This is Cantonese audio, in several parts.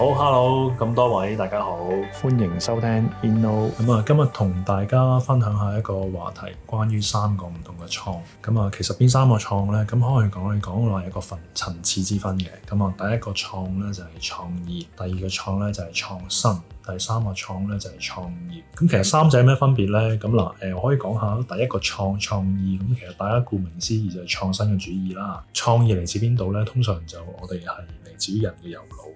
好，hello，咁多位大家好，歡迎收聽 Inno。咁啊，今日同大家分享下一個話題，關於三個唔同嘅創。咁啊，其實邊三個創呢？咁可以講嚟講去，有個分層次之分嘅。咁啊，第一個創呢，就係創意，第二個創呢，就係創新，第三個創呢，就係創業。咁其實三者咩分別呢？咁，嗱，誒，我可以講下第一個創，創意。咁其實大家顧名思義就係創新嘅主意啦。創意嚟自邊度呢？通常就我哋係嚟自於人嘅右腦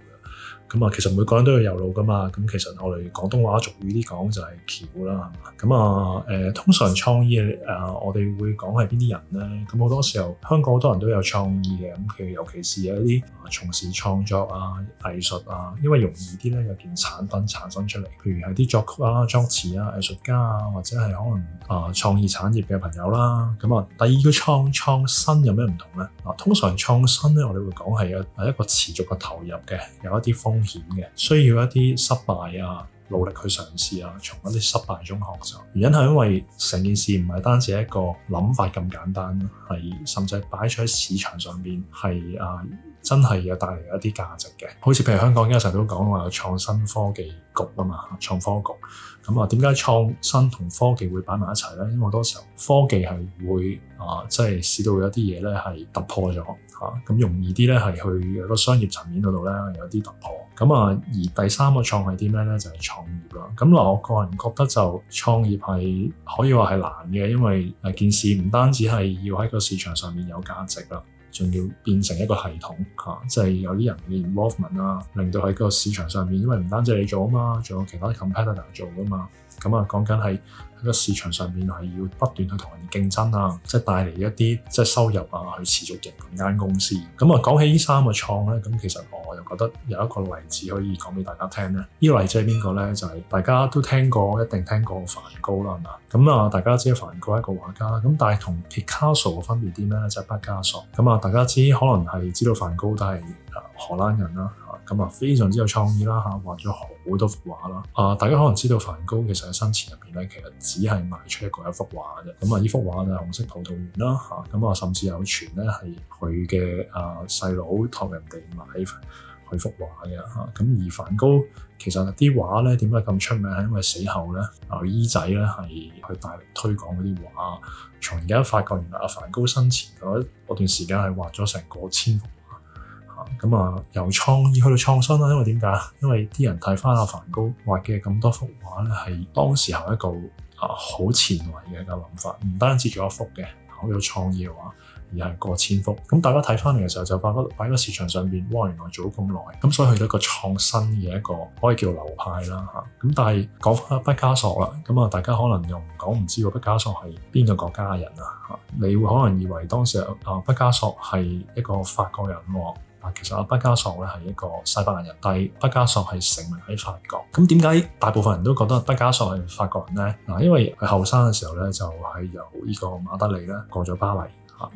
咁啊，其實每個人都要有腦噶嘛。咁其實我哋廣東話俗語啲講就係、是、橋啦，咁啊，誒、呃、通常創意啊、呃，我哋會講係邊啲人咧？咁好多時候香港好多人都有創意嘅。咁佢尤其是有啲從事創作啊、藝術啊，因為容易啲咧有件產品產生出嚟。譬如係啲作曲啊、作詞啊、藝術家啊，或者係可能啊、呃、創意產業嘅朋友啦。咁啊，第二個創創新有咩唔同咧？啊，通常創新咧，我哋會講係一一個持續嘅投入嘅，有一啲風險嘅，需要一啲失敗啊，努力去嘗試啊，從一啲失敗中學習。原因係因為成件事唔係單止係一個諗法咁簡單，係甚至係擺咗喺市場上邊係啊。真係有帶嚟一啲價值嘅，好似譬如香港今日成日都講話創新科技局啊嘛，創科局。咁啊，點解創新同科技會擺埋一齊咧？因為好多時候科技係會啊，即係使到有啲嘢咧係突破咗吓，咁、啊、容易啲咧係去個商業層面嗰度咧有啲突破。咁啊，而第三個創係啲咩咧？就係、是、創業啦。咁嗱，我個人覺得就創業係可以話係難嘅，因為誒件事唔單止係要喺個市場上面有價值啦。仲要變成一個系統嚇、啊，即係有啲人嘅 involvement 啊，令到喺個市場上面，因為唔單止你做啊嘛，仲有其他 competitor 做噶嘛。咁啊，講緊喺喺個市場上面，係要不斷去同人競爭啊，即係帶嚟一啲即係收入啊，去持續營運間公司。咁啊，講起呢三個創咧，咁、嗯、其實我又覺得有一個例子可以講俾大家聽咧。呢、啊這個例子係邊個咧？就係、是、大家都聽過，一定聽過梵高啦，係嘛？咁啊，大家知梵高係一個畫家啦。咁、啊、但係同 Picasso 嘅分別啲咩咧？就係畢加索咁啊。啊啊啊大家知可能係知道梵高，都係荷蘭人啦，咁啊非常之有創意啦，畫咗好多幅畫啦。啊，大家可能知道梵高，其實喺生前入面咧，其實只係賣出一個一幅畫嘅。咁啊，呢幅畫就係紅色葡萄園啦。嚇，咁啊，甚至有傳咧係佢嘅啊細佬託人哋買。幅畫嘅吓，咁而梵高其實啲畫咧，點解咁出名？係因為死後咧，阿姨仔咧係去大力推廣嗰啲畫。從而家發覺，原來阿梵高生前嗰段時間係畫咗成個千幅畫吓，咁啊，啊由創意去到創新啦、啊。因為點解？因為啲人睇翻阿梵高畫嘅咁多幅畫咧，係當時候一個啊好前衛嘅一個諗法，唔單止做一幅嘅。有創意嘅話，而係過千幅。咁大家睇翻嚟嘅時候，就發覺擺喺個市場上面，哇！原來做咗咁耐，咁所以去到一個創新嘅一個，可以叫流派啦嚇。咁但係講翻畢加索啦，咁啊大家可能又唔講唔知個畢加索係邊個國家人啊嚇？你會可能以為當時啊畢加索係一個法國人喎。其實阿畢加索咧係一個西班牙人，但係畢加索係成名喺法國。咁點解大部分人都覺得畢加索係法國人呢？因為佢後生嘅時候咧就係由依個馬德里咧過咗巴黎。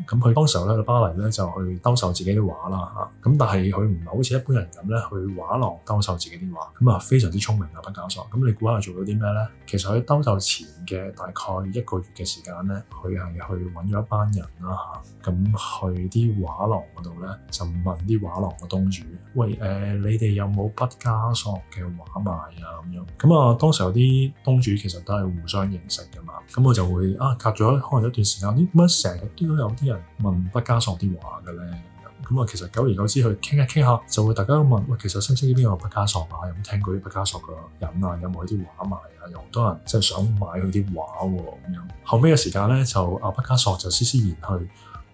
咁佢、嗯、當時咧喺巴黎咧就去兜售自己啲畫啦嚇，咁、啊、但係佢唔係好似一般人咁咧去畫廊兜售自己啲畫，咁、嗯、啊非常之聰明啊畢加索，咁、嗯、你估下做到啲咩咧？其實佢兜售前嘅大概一個月嘅時間咧，佢係去揾咗一班人啦嚇，咁、啊啊、去啲畫廊嗰度咧就問啲畫廊嘅東主，喂誒、呃、你哋有冇畢加索嘅畫賣啊咁樣？咁、嗯嗯、啊當時啲東主其實都係互相認識噶嘛，咁佢就會啊，啊隔咗可能一段時間點解成日都有。有啲人問畢加索啲畫嘅咧咁啊，其實久而久之去傾一傾下，就會大家都問喂，其實新鮮啲邊個畢加索啊？有冇聽過啲畢加索嘅人啊？有冇佢啲畫賣啊？有好多人即係想買佢啲畫咁樣。後尾嘅時間咧，就阿畢加索就思思然去。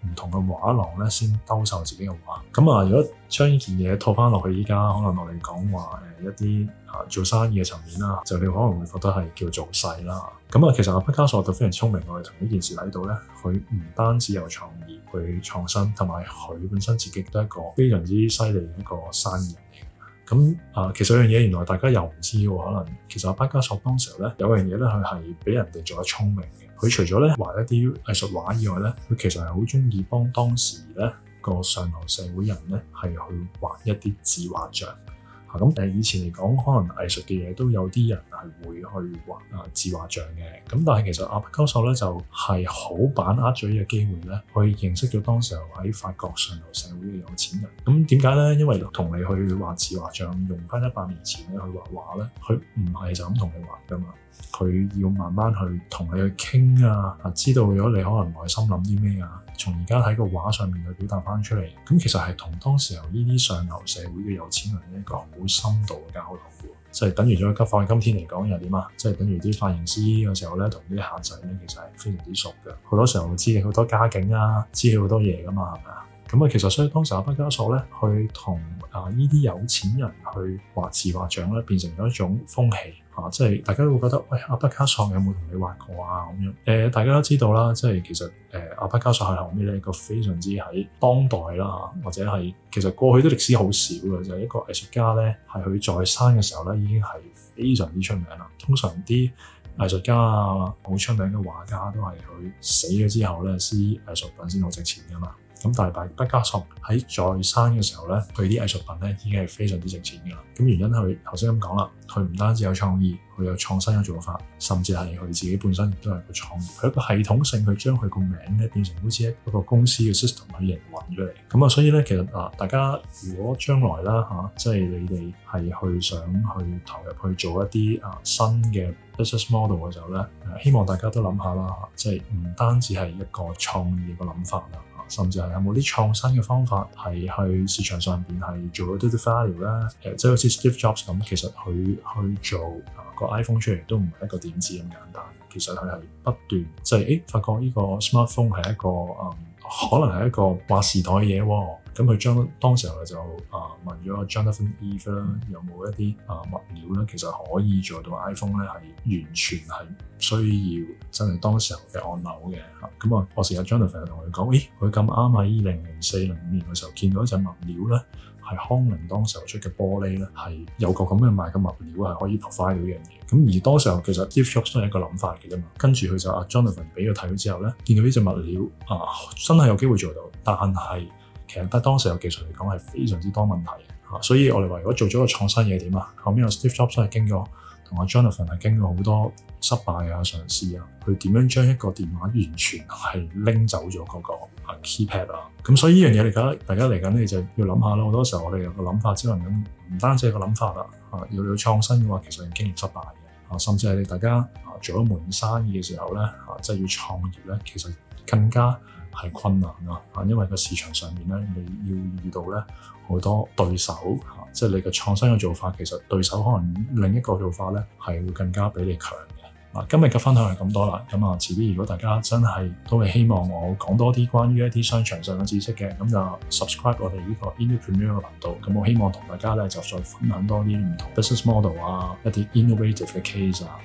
唔同嘅畫廊咧，先兜售自己嘅畫。咁啊，如果將呢件嘢套翻落去，依家可能落嚟講話誒，一啲吓做生意嘅層面啦，就你可能會覺得係叫做細啦。咁啊，其實阿、啊、畢加索就非常聰明，我哋同呢件事喺度咧，佢唔單止有創意，佢創新，同埋佢本身自己都係一個非常之犀利嘅一個生意人嚟嘅。咁啊，其實有樣嘢原來大家又唔知嘅，可能其實阿、啊、畢加索當時咧有樣嘢咧，佢係畀人哋做得聰明。佢除咗呢畫一啲藝術畫以外呢，佢其實係好鍾意幫當時呢個上流社會人呢係去畫一啲自畫像。啊、嗯，咁誒以前嚟講，可能藝術嘅嘢都有啲人，係會去畫啊、呃，自畫像嘅。咁但係其實阿畢加索咧就係、是、好把握咗呢個機會咧，去認識咗當時候喺法國上流社會嘅有錢人。咁點解咧？因為同你去畫自畫像，用翻一百年前咧去畫畫咧，佢唔係就咁同你畫噶嘛。佢要慢慢去同你去傾啊，知道咗你可能內心諗啲咩啊，從而家喺個畫上面去表達翻出嚟。咁其實係同當時候呢啲上流社會嘅有錢人一個好深度嘅交流。就係等於將佢放喺今天嚟講又點啊？即係等於啲髮型師嘅時候咧，同啲客仔咧其實係非常之熟嘅，好多時候知好多家境啊，知好多嘢噶嘛，係咪啊？咁啊，其實所以當時阿畢加索呢，去同啊依啲有錢人去畫自畫像呢，變成咗一種風氣嚇、啊，即係大家都會覺得，喂阿畢加索有冇同你畫過啊咁樣、呃？大家都知道啦，即係其實誒、呃、阿畢加索喺後面呢一個非常之喺當代啦或者係其實過去啲歷史好少嘅，就係、是、一個藝術家呢，係佢在生嘅時候呢已經係非常之出名啦。通常啲藝術家啊，好出名嘅畫家都係佢死咗之後呢，啲藝術品先好值錢嘅嘛。咁大伯畢加索喺在生嘅時候咧，佢啲藝術品咧已經係非常之值錢㗎喇。咁原因係頭先咁講啦，佢唔單止有創意，佢有創新嘅做法，甚至係佢自己本身亦都係個創意。佢一個系統性去將佢個名咧變成好似一個公司嘅 system 去營運咗嚟。咁啊，所以咧其實啊，大家如果將來啦吓，即係你哋係去想去投入去做一啲啊新嘅 business model 嘅時候咧，希望大家都諗下啦，即係唔單止係一個創意嘅諗法啦。甚至係有冇啲創新嘅方法係去市場上面係做咗啲啲 value 咧？誒、呃，即係好似 Steve Jobs 咁，其實佢去做、呃、個 iPhone 出嚟都唔係一個點子咁簡單。其實佢係不斷就係、是、誒、欸、發覺呢個 smartphone 係一個誒、呃，可能係一個劃時代嘅嘢喎、哦。咁佢將當時候就啊問咗啊 Jonathan Ive 啦，有冇一啲啊物料咧，其實可以做到 iPhone 咧係完全係需要真係當時候嘅按鈕嘅嚇。咁、嗯、啊，我成日 Jonathan 同佢講，誒佢咁啱喺二零零四零五年嘅時候見到一隻物料咧，係康寧當時候出嘅玻璃咧，係有個咁嘅賣嘅物料係可以破 r 到 v 呢樣嘢。咁、嗯、而當時候其實 s i f f e j o b 都係一個諗法嚟嘅啫嘛。跟住佢就啊 Jonathan 俾佢睇咗之後咧，見到呢隻物料啊，真係有機會做到，但係。其實喺當時嘅技術嚟講係非常之多問題嘅嚇，所以我哋話如果做咗個創新嘢點啊？後面有 Steve Jobs 都係經過同阿 Jonathan 係經過好多失敗啊、嘗試啊，佢點樣將一個電話完全係拎走咗嗰個啊 keypad 啊？咁所以呢樣嘢嚟講，大家嚟緊咧就要諗下咯。好多時候我哋有個諗法只能咁，唔單止係個諗法啦嚇，要創新嘅話其實要經歷失敗嘅嚇，甚至係你大家啊做咗門生意嘅時候咧嚇，即係要創業咧，其實更加。係困難㗎，啊，因為個市場上面咧，你要遇到咧好多對手，嚇，即係你嘅創新嘅做法，其實對手可能另一個做法咧係會更加比你強嘅。嗱，今日嘅分享係咁多啦，咁啊，遲啲如果大家真係都係希望我講多啲關於一啲商場上嘅知識嘅，咁就 subscribe 我哋呢個 Innopreneur 嘅頻道，咁我希望同大家咧就再分享多啲唔同 business model 啊，一啲 innovative 嘅 case 啊。